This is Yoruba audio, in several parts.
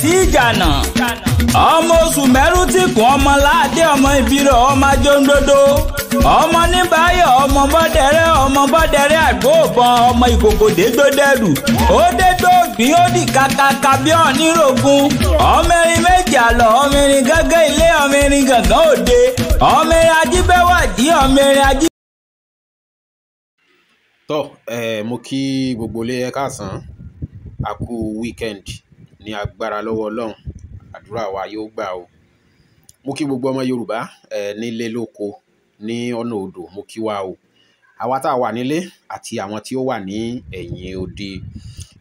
sí ìjànà ọmọ oṣù mẹ́rù ti kún ọmọ láàdé ọmọ ọmọ ajóńdodo ọmọ níbàáyọ̀ ọmọ bọ́dẹ̀rẹ́ ọmọ bọ́dẹ̀rẹ́ ọmọ dégbò gbìn ó dì kàkàkà bí gbogbo ilé ẹ káàsán a ní agbára lọ́wọ́ ọlọ́run àdúrà wa yóò gbà o mo kí gbogbo ọmọ yorùbá ẹ nílé lóko ní ọ̀nà odò mo kí wa o àwa tá a wà nílé àti àwọn tí ó wà ní ẹ̀yìn òde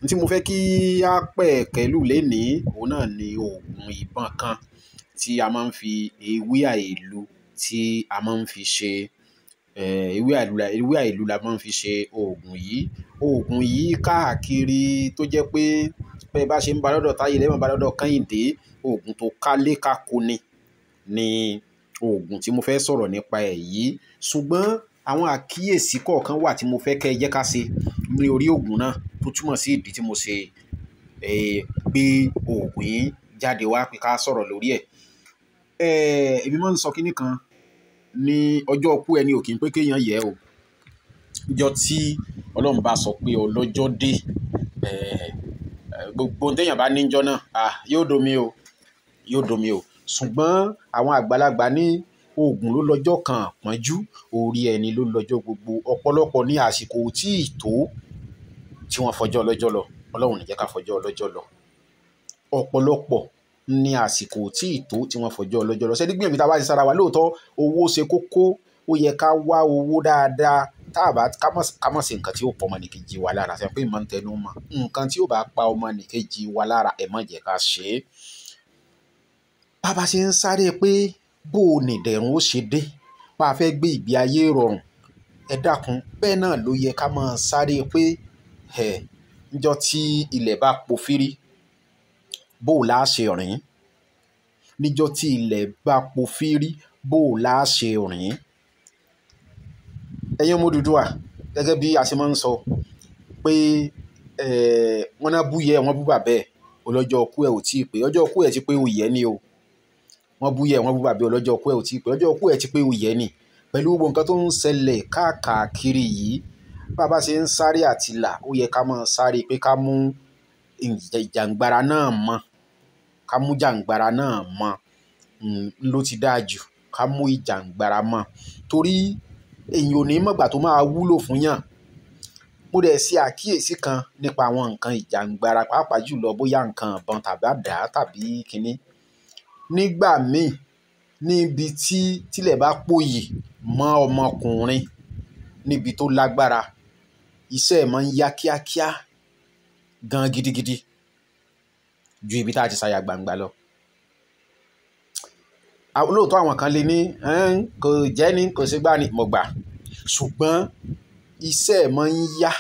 tí mo fẹ́ kí á pẹ̀ kẹ́lù lénìí òun náà ni oògùn ìbọn kan tí a máa ń fi ewé àìlú tí a máa ń fi ṣe ewé àìlú la máa ń fi ṣe oògùn yìí oògùn yìí káàkiri tó jẹ́ pé bẹ́ẹ̀ bá ṣe ń ba lọ́dọ̀ táyé lẹ́mọ̀ ba lọ́dọ̀ kẹ́hìndé oògùn tó kálé kákó ni ni oògùn tí mo fẹ́ sọ̀rọ̀ nípa ẹ̀ yìí ṣùgbọ́n àwọn àkíyèsí kọ̀ọ̀kan wà tí mo fẹ́ kẹ́ ẹ jẹ́ ká ṣe ní orí oògùn náà tó túmọ̀ sí ìdí tí mo ṣe gbé oògùn yìí jáde wá pé ká sọ̀rọ̀ lórí ẹ̀ èmi máa ń sọ kínní kan ní ọjọ́ ọkú ẹni ò kì í pé kéèyàn yẹ o ìjọ tí ọlọ́run bá sọ pé ọlọ́jọ́ dé gbogbo téèyàn bá níjọ́ náà yóò domi o yóò domi o ṣùgbọ́n àwọn àgbàlagbà ní oògùn ló lọ́jọ́ kan pọ́njú orí ẹni ló lọ́jọ́ gbogbo ọ̀pọ̀lọpọ̀ ní àsìkò tí ì tó tí wọ́n fọjọ́ ọlọ́jọ́ lọ ọlọ́run níjẹ́ ká fọjọ́ ọlọ́jọ́ lọ ọ̀pọ̀lọpọ̀ ní àsìkò tí ì tó tí wọ́n fọjọ́ ọlọ́jọ́ lọ ṣẹ́ni gbìyànjú tá ti sára wa lóòótọ́ owó ṣe kókó ó yẹ ká wá owó dáadáa tá a bá kámọ̀ sí nǹkan tí ó pọ̀ ọmọnìkejì wa lára sẹ́yìn pé ìmọ̀ ń tẹnu mọ́ nǹkan tí ó bá pa ọmọnìkejì wa lára ẹ̀ má jẹ́ ká ṣe é. bàbá ṣe ń sáré pé bó o nìdẹ̀rùn ó ṣe dé bá a fẹ́ gbé ìgbé ayé rọrùn ẹ dákun bẹ́ẹ̀ náà ló yẹ ká máa sáré pé ẹ̀ níjọ́ tí ilẹ̀ bá pofírí bó o láá ṣe rìn níjọ́ tí ilẹ̀ bá pofírí bó o láá ṣe rìn ẹ̀yin ọmọ Odùduwà gẹ́gẹ́ bi a ṣe máa ń sọ pé wọ́n náà bú yẹ wọ́n bú bàbá ẹ̀ ọlọ́jọ́ ọkú ẹ̀ ò tí ì pé ọjọ́ ọkú ẹ̀ ti pé òyẹ́ ni o wọ́n bú yẹ wọ́n bú bàbá ẹ̀ ọlọ́jọ́ ọkú ẹ̀ ò tí ì pé ọjọ́ ọkú ẹ̀ ti pé òyẹ́ ni pẹ̀lú gbogbo nǹkan tó ń ṣẹlẹ̀ káàkiri yìí bàbá ṣe ń sáré àti ó yẹ ká máa sáré pé ká mú ìjàǹgbara náà mọ́ ká mú jàǹgbara náà mọ́ ló ti dáa jù ká mú ìjàǹgbara mọ́ torí èyí ò ní mọ̀gbà tó máa wúlò fún yàn mo dẹ̀ ṣe àkíyèsí kan nípa àwọn nǹkan ìjàǹgbara pàápàá jùlọ bóyá nǹkan ìbọn tàbí àdá tàbí kínní nígbà míì níbi tí tílẹ̀ bá pòyì mọ́ ọmọkùnrin níbi tó lágbára iṣẹ́ ẹ̀ máa ń yá kíákíá gan gidigidi ju ibi tá a ti ṣàyà gbangba lọ lóòótọ́ àwọn kan lè ní kò jẹ́ ní kò sí gbá ni mo gbà ṣùgbọ́n iṣẹ́ máa ń yá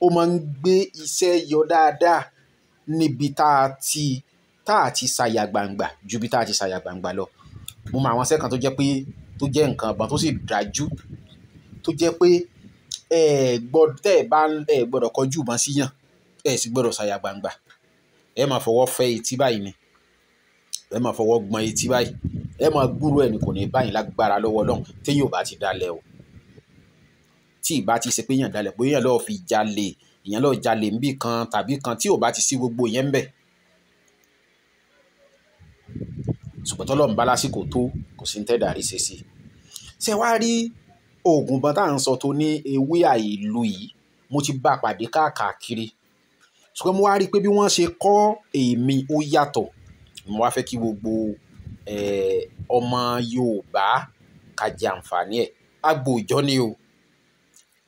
ó máa ń gbé iṣẹ́ yọ dáadáa níbi tá a ti tá a ti ṣàyà gbangba ju bí tá a ti ṣàyà gbangba lọ mo mọ àwọn iṣẹ́ kan tó jẹ́ pé tó jẹ́ nǹkan ọ̀bọ̀n tó sì dájú tó jẹ́ pé ẹ gbọ́dọ̀ tẹ́ ẹ bá ẹ gbọ́dọ̀ kọjú ìbọn síyàn ẹ sì gbọ́dọ̀ ṣàyà gbangba ẹ máa fọwọ́ fẹ́ etí báyìí ni ẹ máa fọwọ́ gbọ́n etí báyìí ẹ máa gbúrú ẹ̀ ní kò ní báyìí lágbára lọ́wọ́ ọlọ́run téèyàn bá ti dalẹ̀ o tí ìbá ti ṣe pé èèyàn dalẹ̀ bóyá lọ́ọ́ fi jalè èèyàn lọ́ọ́ jalè níbì kan tàbí kan tí ò bá ti sí gbogbo yẹn ń bẹ̀ ṣùgbọ́n tọ́lọ́run bá lásìkò tó kò sí ń tẹ́ dàrí ṣe sí ṣe wá rí oògùn bọ́n tá à ń sọ tó ní ewé àìlú yìí mo ti bá a pàdé káàkiri ṣùgbọ́n mo wá rí i pé bí wọ́n ṣe kọ́ èmi ó yàtọ̀ mo wá fẹ́ kí gbogbo Eh, ọmọ Yorùbá ká jẹ àǹfààní ẹ̀ àgbò òòjọ́ ni o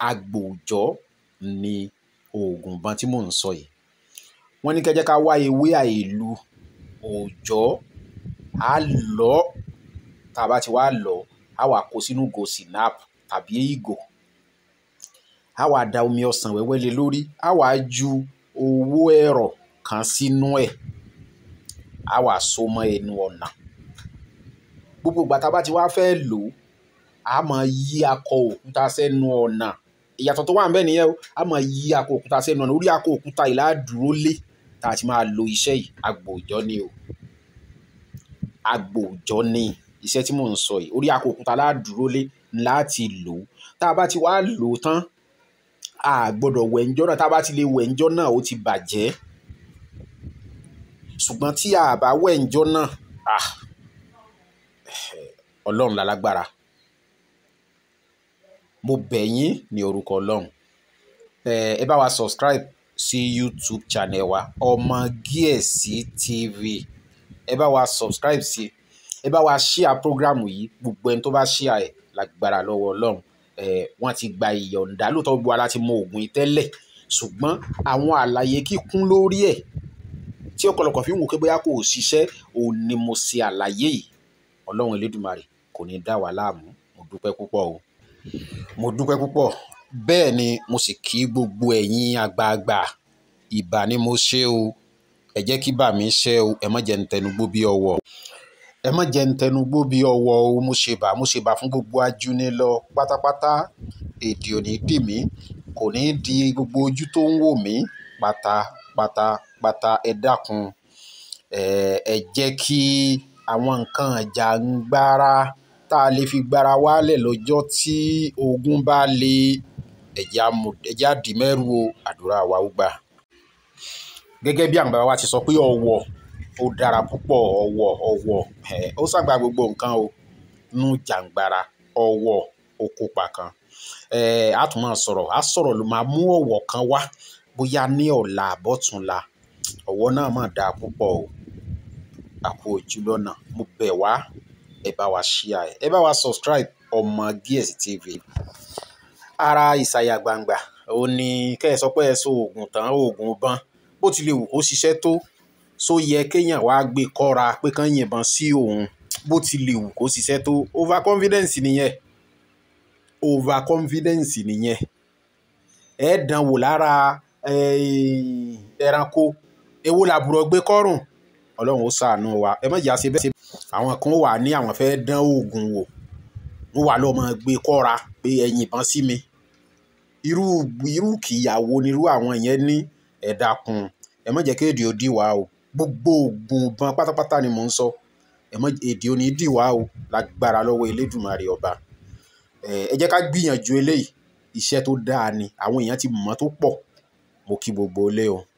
àgbò òòjọ́ ni oògùn ìbọn tí mò ń sọ yìí wọ́n ní kẹ́jẹ́ ká wá ewé àìlú òòjọ́ á lọ tá a bá ti wá lọ á wà kó sínú ìgò sinap tàbí ìgò á wà da omi ọsàn wẹ́wẹ́ lé lórí á wà ju owó ẹ̀rọ kan sínú ẹ̀ á wà so mọ́ ẹnu ọ̀nà gbogbo ìgbà tá a bá ti wá fẹ́ lò ó a máa yí akọ òkúta sẹ́nu ọ̀nà ìyàtọ̀ tó wà ń bẹ̀ nìyẹn o a máa yí akọ òkúta sẹ́nu ọ̀nà orí akọ òkúta ìlà lé tá a ti máa lo iṣẹ́ yìí àgbò ni o àgbò òjọ́ ni iṣẹ́ tí mò ń sọ yìí orí akọ òkúta ládùúró lé láti lò ó tá a bá ti wá lò ó tán a gbọ́dọ̀ wẹ̀ǹjọ́ náà tá a bá ti lè wẹ̀ǹjọ́ náà ó ti bàjẹ́ ṣùgbọ́n tí a bá wẹ̀ǹjọ́ náà ah, ọlọ́run lálágbára mo bẹ̀ yín ní orúkọ ọlọ́run ẹ bá wa subscribe sí youtube channel wa ọmọ gíẹ̀sì tv ẹ bá wa subscribe sí ẹ bá wa share program yìí gbogbo ẹni tó bá share ẹ lágbára lọ́wọ́ ọlọ́run wọ́n ti gba ìyọ̀ǹda lóòótọ́ gbogbo wa láti mọ oògùn ìtẹ́lẹ̀ ṣùgbọ́n àwọn àlàyé kíkún lórí ẹ̀ tí ọ̀pọ̀lọpọ̀ fi ń wò pé bóyá kò ṣiṣẹ́ òun ni mo ṣe àlàyé yìí ọlọ́run elédùnmarè kò ní dá wa láàmú mo dúpẹ́ púpọ̀ o mo dúpẹ́ púpọ̀ bẹ́ẹ̀ ni mo sì kí gbogbo ẹ̀yin àgbààgbà ìbà ni mo ṣe o ẹ jẹ́ kí bà mí ṣe o ẹ má jẹ́ ń tẹnugbó bí ọwọ́ ẹ má jẹ́ ń tẹnugbó bí ọwọ́ o mo ṣe bà mo ṣe bà fún gbogbo ajúni lọ pátápátá èdè ò ní dì mí kò ní di gbogbo ojú tó ń wò mí pátápátá pátá ẹ dákun ẹ jẹ́ kí àwọn nǹkan ìjà ń gbára tá a lè fi gbára wálẹ̀ lọ́jọ́ tí ogun bá lé ẹ jẹ́ á dì mẹ́rù o àdúrà wa ó gbà. gẹ́gẹ́ bí àwọn bàbá wa ti sọ pé ọ̀wọ̀ ó dára púpọ̀ ọ̀wọ̀ ọ̀wọ̀ ó ṣàgbà gbogbo nǹkan o nú jàǹgbára ọ̀wọ̀ ó kópa kan a tún máa sọ̀rọ̀ a sọ̀rọ̀ ló máa mú ọ̀wọ̀ kan wá bóyá ní ọ̀la àbọ̀túnla ọ̀wọ̀ náà máa dáa púpọ̀ o àpò òjúlọ́nà mo bẹ̀ wá ẹ bá wa ṣíà ẹ ẹ bá wa subscribe ọmọ gsc tv ara ìsàyà gbangba ò ní kẹ́ ẹ sọ pé ẹ so oògùn tán oògùn bán bó ti lè wù kó ṣiṣẹ́ tó so yẹ kéèyàn wá gbé kọ́ra pé kán yìnbọn sí òun bó ti lè wù kó ṣiṣẹ́ tó over confidence nìyẹn over confidence nìyẹn ẹ dán wò lára eh, ẹranko ewo làbúrò gbé kọ́rùn ọlọ́run ó ṣàánú wa ẹ má jà ṣe bẹ́ẹ̀ àwọn kan wà ní àwọn fẹ́ dán oògùn wò wọ́n wà lọ́ọ́ gbé kọ́ra pé ẹ̀yìn ìbọn sí mi irú irú kìyàwó ni irú àwọn yẹn ní ẹ ẹ má jẹ́ kí èdè ò wá o gbogbo oògùn ìbọn pátápátá ni mò ń sọ ẹ má èdè ò dì wá o lágbára lọ́wọ́ Elédùmarè ọba ẹ jẹ́ ká gbìyànjú eléyìí iṣẹ́ tó dáa ni àwọn èèyàn ti mọ̀ tó pọ̀ mo kí gbogbo ilé o.